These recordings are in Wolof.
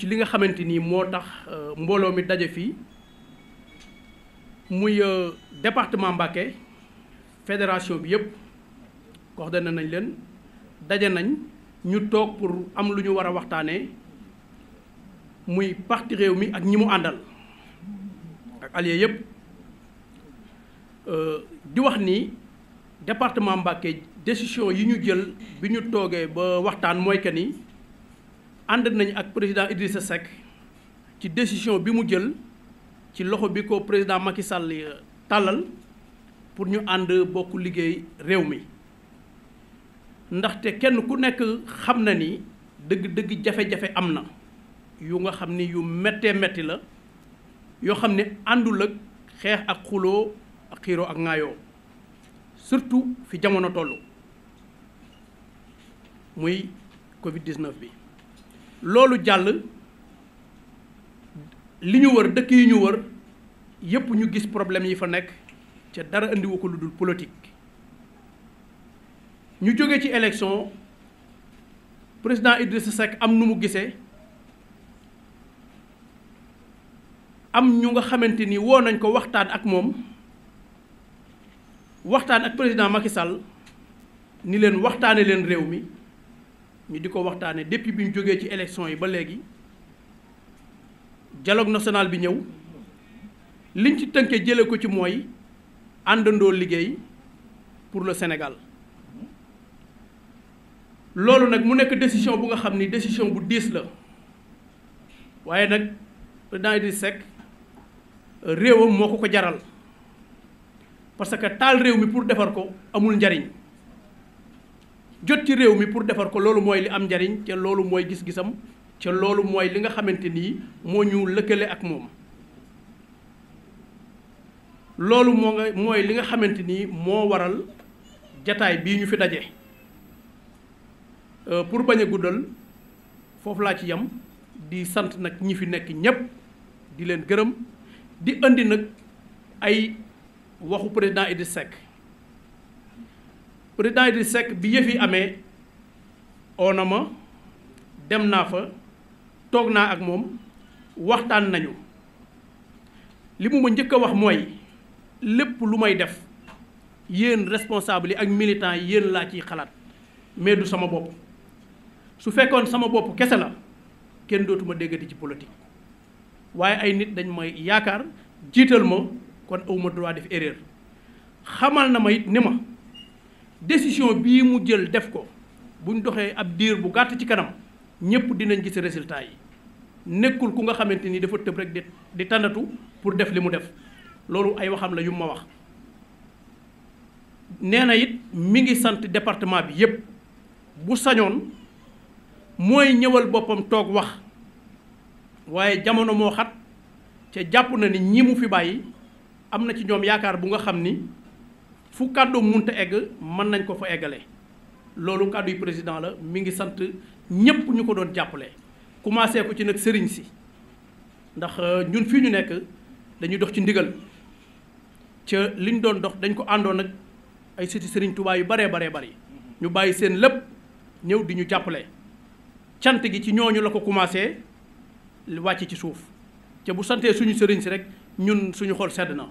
ci li nga xamante ni moo tax euh, mbooloo mi daje fii muy euh, département Mbacké fédération bi yëpp coordonné nañ leen daje nañ ñu toog pour am lu ñu war a waxtaanee muy parti réew mi ak ñi mu àndal ak alliés yëpp euh, di wax ni département Mbacké décision yi ñu jël bi ñu toogee ba waxtaan mooy que nii ànd nañ ak président Idrissa Seck ci décision bi mu jël ci loxo bi ko président Macky Sall euh, tàllal pour ñu ànd bokk liggéey réew mi ndaxte kenn ku nekk xam na ni dëgg-dëgg jafe-jafe am na yu nga xam ni yu méttee métti la yoo xam ne àndul ak xeex ak xuloo ak xiiroo ak ŋaayoo surtout fi jamono toll muy Covid 19 bi. loolu jàll li ñu wër dëkk yi ñu wër yépp ñu gis problème yi fa nekk ca dara indiwu ko lu dul politique ñu jóge ci élection président Idrissa Seck am nu mu gisee am ñu nga xamante ni woo nañ ko waxtaan ak moom waxtaan ak président Macky Sall ni leen waxtaane leen réew mi ñu di ko waxtaanee depuis bi ñu jógee ci élection yi ba léegi dialogue national bi ñëw liñ ci tënkee jëlee ko ci mooy àndandoo liggéey pour le Sénégal loolu nag mu nekk décision bu nga xam ni décision bu diis la waaye nag président Idriss Seck réewam moo ko ko jaral parce que taal réew mi pour defar ko amul njariñ jot ci réew mi pour defar ko loolu mooy li am njariñ te loolu mooy gis-gisam ca loolu mooy li nga xamante nii moo ñu lëkkale ak moom loolu mooy li nga xamante ni moo waral jataay bii ñu fi daje euh, pour bañ a guddal foofu laa ci yam di sant nag ñi fi nekk ñépp di leen gërëm di indi nag ay waxu président Idrissa Seck président Idrissa Seck bi yëf yi amee oo na ma dem naa fa toog naa ak moom waxtaan nañu li mu ma njëkk a wax mooy lépp lu may def yéen responsable yi ak militants yi yéen laa ci xalaat mais du sama bopp su fekkoon sama bopp kese la kenn dootuma déggati ci politique waaye ay nit dañ may yaakaar jiital ma kon awma droit def erreur xamal na ma it ni ma décision bii mu jël def ko buñ doxee ab diir bu gàtt ci kanam ñëpp dinañ gis résultat yi nekkul ku nga xamante ni dafa tëb rek di di tàndatu pour def li mu def loolu ay waxam la yu ma wax. nee na it mi ngi sant département bi yépp bu sañoon mooy ñëwal boppam toog wax waaye jamono moo xat ca jàpp na ni ñi mu fi bàyyi am na ci ñoom yaakaar bu nga xam ni. fu kàddu munta egg mën nañ ko fa eggale loolu kàddu yu président la mi ngi sant ñépp ñu ko doon jàppale commencé ko ci nag sëriñ si ndax euh, ñun fii ñu nekk dañuy dox ci ndigal ca li ñu doon dox dañ ko àndoon nag ay siti sëriñ tubaay yu baree baree bari ñu bàyyi seen lépp ñëw di ñu jàppale cant gi ci ñooñu la ko commencé wàcc ci suuf ca bu santee suñu sëriñ si rek ñun suñu xol sedd na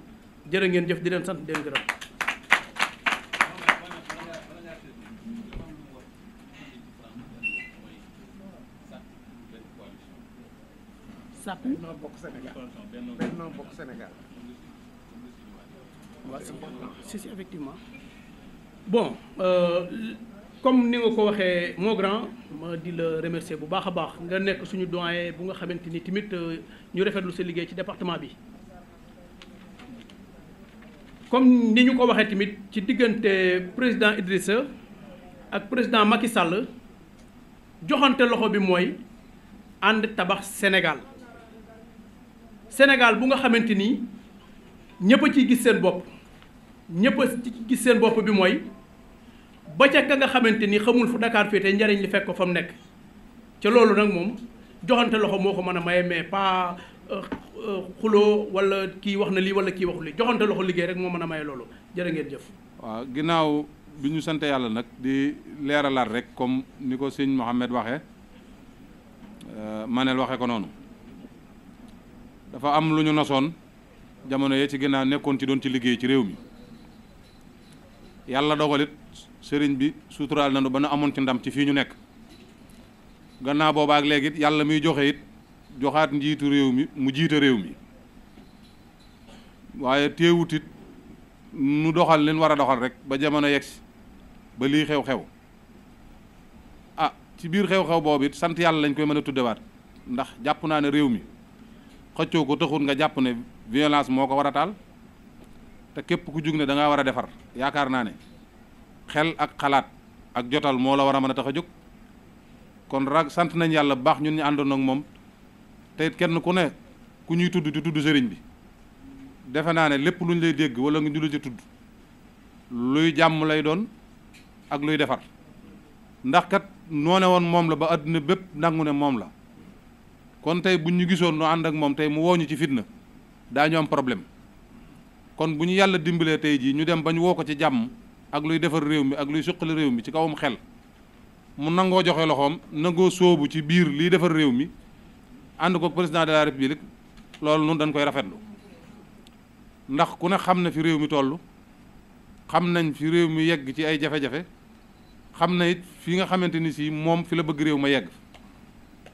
jërë ngeen jëf di leen sant di s'appelle Bokk Sénégal Bokk Sénégal waaw c'est important ah. si bon euh, comme ni nga ko waxee moo ma di la remercier bu baax a baax nga nekk suñu doyen bu nga xamante ni tamit euh, ñu rafetlu sa liggéey ci département bi comme ni ñu ko waxee tamit ci diggante président Idrissa ak président Macky Sall joxante loxo bi mooy ànd tabax Sénégal Sénégal bu nga xamante ni ñëpp ci gis seen bopp ñëpp a ci gis seen bopp bi mooy ba ca ka nga xamante ni xamul fu Dakar féete njariñ li fekk ko fa mu nekk ca loolu nag moom joxante loxo moo ko mën a maye mais pas euh, euh, xuloo wala kii wax na lii wala kiy waxul lii joxante loxo liggéey rek moo mën a maye loolu jërë ngeen jëf. waaw ginnaaw bi ñu sant yàlla nag di leeralaat rek comme ni ko sëñ Mouhamed waxee euh, Manel waxee ko noonu. dafa am lu ñu nosoon jamono yee ci ginnaaw nekkoon ci doon ci liggéey ci réew mi yàlla dogalit sëriñ bi suturaal nañu ba nu amoon ci ndam ci fii ñu nekk gannaaw boobaa ak léegi yàlla muy joxe it joxaat njiitu réew mi mu jiita réew mi waaye teewutit it nu doxal leen war a doxal rek ba jamono yegsi ba lii xew-xew ah ci biir xew-xew boobu it sant yàlla lañ koy mën a tuddewaat ndax jàpp naa ne réew mi xëccoo ko taxul nga jàpp ne violence moo ko war a taal te képp ku jug ne da ngaa war a defar yaakaar naa ne xel ak xalaat ak jotal moo la war a mën a tax a jóg kon rag sant nañ yàlla bu baax ñun ñu àndoon ak moom te it kenn ku ne ku ñuy tudd di tudd sëriñ bi defe naa ne lépp lu ñu lay dégg wala nga ñu la ci tudd luy jàmm lay doon ak luy defar ndax kat noo woon moom la ba àdduna bépp nangu ne moom la kon tey buñ ñu gisoon nu ànd ak moom tey mu woo ci fitna daañu am problème kon bu ñu yàlla dimbalee tey jii ñu dem bañ woo ko ci jàmm ak luy defar réew mi ak luy suqali réew mi ci kawam xel mu nangoo joxe loxoom nangoo sóobu ci biir liy defar réew mi ànd ko président de la république loolu noonu dañ koy rafetlu ndax ku ne xam na fi réew mi toll xam nañ fi réew mi yegg ci ay jafe-jafe xam na it fi nga xamante ni si moom fi la bëgg réew ma yegg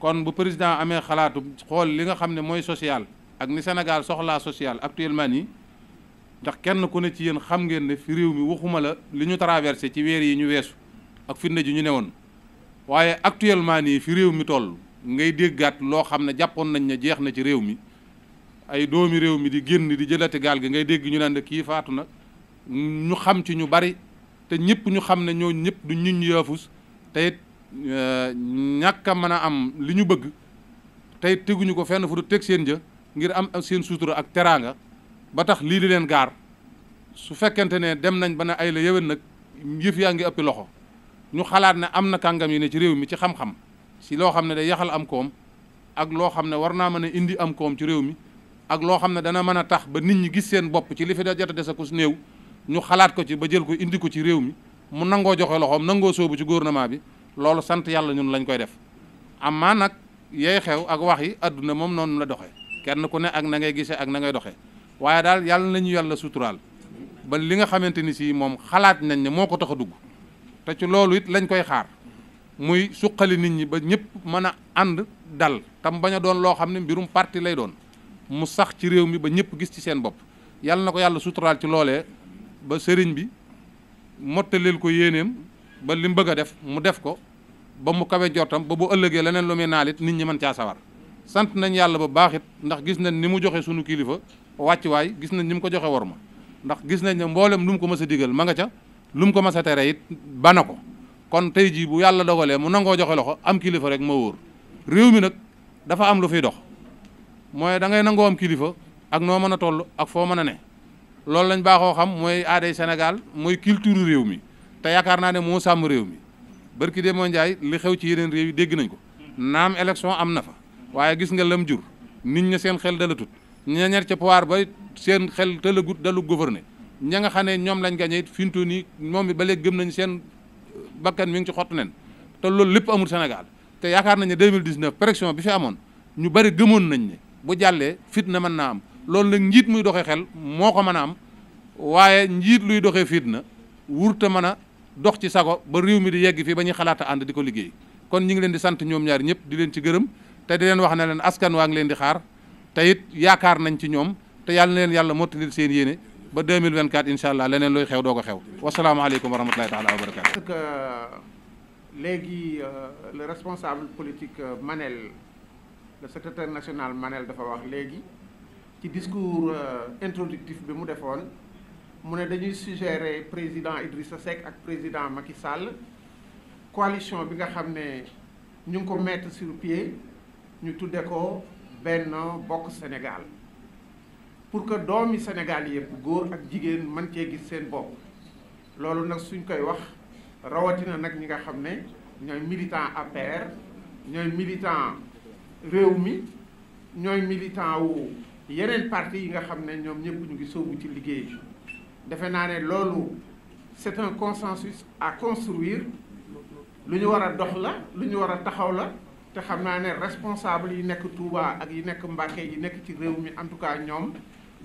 kon bu président amee xalaatu xool li nga xam ne mooy social ak ni Sénégal soxlaa social actuellement nii ndax kenn ku ne ci yéen xam ngeen ne fi réew mi waxuma la li ñu traversé ci weer yi ñu weesu ak fitna ji ñu woon waaye actuellement nii fi réew mi toll ngay déggaat loo xam ne jàppoon nañ ne jeex na ci réew mi ay doomi réew mi di génn di jëlati gaal gi ngay dégg ñu naan ne kii faatu na ñu xam ci ñu bari te ñëpp ñu xam ne ñoo ñëpp du ñun ñu yaafus Euh, ñàkk a mën a am li ñu bëgg tey teguñu ko fenn fu du teg seen jë ngir am seen sutura ak teraanga ba tax lii di leen gaar su fekkente ne dem nañ ba na ay la yéwén nag yëf yaa ngi ëppi loxo ñu xalaat ne am na kàngam yi ne ci réew mi ci xam-xam si loo xam ne day yaxal am koom ak loo xam ne war naa mën a indi am koom ci réew mi ak loo xam ne dana mën a tax ba nit ñi gis seen bopp ci li fi da jot a des ak néew ñu xalaat ko ci ba jël ko indi ko ci réew mi mu nangoo joxe loxoom nangoo sóobu ci gouvernement bi loolu sant yàlla ñun lañ koy def amaa nag yee xew ak wax yi àdduna moom noonu la doxe kenn ku ne ak na ngay gisee ak na ngay doxee waaye daal yàlla nañu yàlla suturaal ba li nga xamante ni si moom xalaat nañ ne moo ko tax a dugg te ci loolu it lañ koy xaar muy suqali nit ñi ba ñëpp mën a ànd dal tam bañ a doon loo xam ne mbirum parti lay doon mu sax ci réew mi ba ñëpp gis ci seen bopp yàlla na ko yàlla suturaal ci loolee ba sëriñ bi mottaleel ko yéeneem ba li bëgg a def mu def ko ba mu kawee jortam ba bu ëllëgee leneen lu muy naal nit ñi man caa sawar sant nañ yàlla bu baaxit ndax gis nañ ni mu joxe sunu kilifa wàcc waay gis nañ ni mu ko joxe war ma ndax gis nañ ne mboolem lu ko mës a digal ma nga ca lu mu ko mës a tere it ba na ko kon tey jii bu yàlla dogalee mu nangoo joxe loxo am kilifa rek ma wóor réew mi nag dafa am lu fiy dox mooy da ngay nangoo am kilifa ak noo mën a toll ak foo mën a ne loolu lañ baaxoo xam mooy aaday Sénégal mooy culture réew mi te yaakaar naa ne moo sàmm réew mi barki Demba Ndiaye li xew ci yeneen réew yi dégg nañ ko naam élection am na fa waaye gis nga lam jur nit ña seen xel dalatut ña ñer ca pouvoir ba seen xel talagut dalu gouverner ña nga xam ne ñoom lañ gagné it fintu nii moom it ba léegi gëm nañ seen euh, bakkan mi ngi ci xottu nen te loolu lépp amul senegal te yaakaar nañ ne 2019 pression bi fi amoon ñu bari gëmoon nañ ne bu jàllee na man naa am loolu nag njiit muy doxe xel moo ko man a am waaye njiit luy doxee fitna wurta mën a dox ci sago ba réew mi di yegg fii ba ñuy xalaat ànd di ko liggéey kon ñu ngi leen di sant ñoom ñaar ñëpp di leen ci gërëm te di leen wax na leen askan waa ngi leen di xaar te it yaakaar nañ ci ñoom te yàlla leen yàlla mottalil seen yéene ba 2024 incha allah leneen looy xew doo ko xew wasalaamaaleykum wa rahmatulahi taala wa barakatu parce que euh, léegi euh, le responsable politique euh, Manel le secrétaire national Manel dafa wax léegi ci discours introductif bi mu defoon mu ne dañuy suggérer président sa Seck ak président Macky sàll coalition bi nga xam ne ñu ngi ko mettre sur pied ñu tuddee ko Benno Bokk Sénégal pour que doomi Sénégal yëpp góor ak jigéen man cee gis seen bopp loolu nag suñ koy wax rawatina nag ñi nga xam ne ñooy militant APR ñooy militant réew mi ñooy militant wu yeneen parti yi nga xam ne ñoom ñëpp ñu ngi sóobu ci liggéey defe naa ne loolu c'est un consensus à construire lu ñu war a dox la lu ñu war a taxaw la te xam naa ne responsable yi nekk Touba ak yi nekk Mbacké yi nekk ci réew mi en tout cas ñoom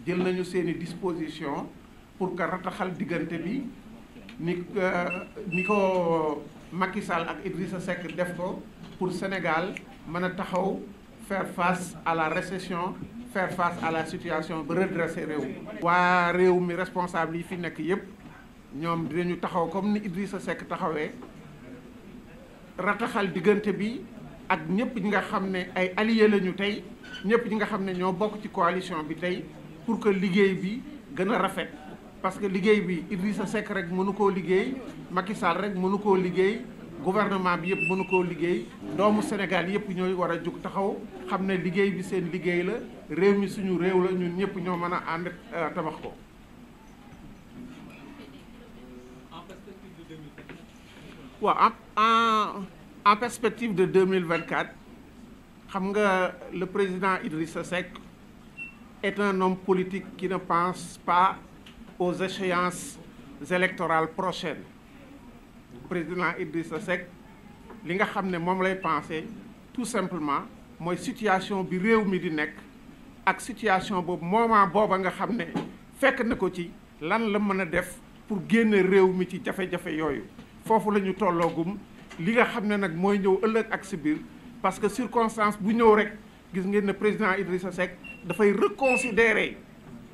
jël nañu seeni disposition pour que rataxal diggante bi ni ni ko Macky Sall ak Idrissa Seck def ko pour Sénégal mën a taxaw faire face à la recession fair face à la situation ba redresser réew waa réew mi responsable yi fi nekk yépp ñoom dinañu taxaw comme ni sa Seck taxawee rataxal diggante bi ak ñëpp ñi nga xam ne ay alliés lañu tey ñëpp ñi nga xam ne ñoo bokk ci coalition bi tey pour que liggéey bi gën a rafet parce que liggéey bi sa Seck rek mënu koo liggéey Macky Sall rek mënu koo liggéey gouvernement bi yëpp mënu koo liggéey doomu Sénégal yëpp ñooy war a jug taxaw xam ne liggéey bi seen liggéey la réew mi suñu réew la ñun ñëpp ñoo mën a ànd euh, tabax ko. waaw en en perspective de 2024 xam nga le président Idrissa Seck est un homme politique qui ne pense pas aux échéances électorales prochaines. président sa Seck li nga xam ne moom lay pensé tout simplement mooy situation bi réew mi di nekk ak situation boobu moment booba nga xam ne fekk na ko ci lan la mën a def pour génne réew mi ci jafe-jafe yooyu foofu la ñu tolloogum li nga xam ne nag mooy ñëw ëllëg ak sibir parce que circonstance bu ñëw rek gis ngeen ne président sa sec dafay reconsidérer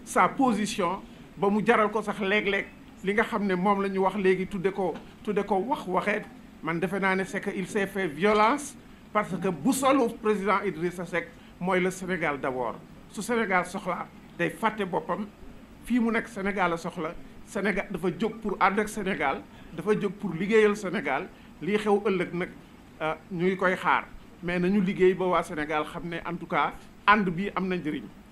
sa position ba mu jaral ko sax léeg-léeg li nga xam ne moom la ñu wax léegi tudde ko tudde ko wax waxeet man defe naa ne c'est que il s'est fait violence parce que bu solu président Idrissa Seck mooy le Sénégal d'abord su Sénégal soxla day fàtte boppam fii mu nekk Sénégal la soxla Sénégal dafa jóg pour ànd ak Sénégal dafa jóg pour liggéeyal Sénégal lii xew ëllëg nag euh, ñu ngi koy xaar mais nañu liggéey ba waa Sénégal xam ne en tout cas ànd bi am na njëriñ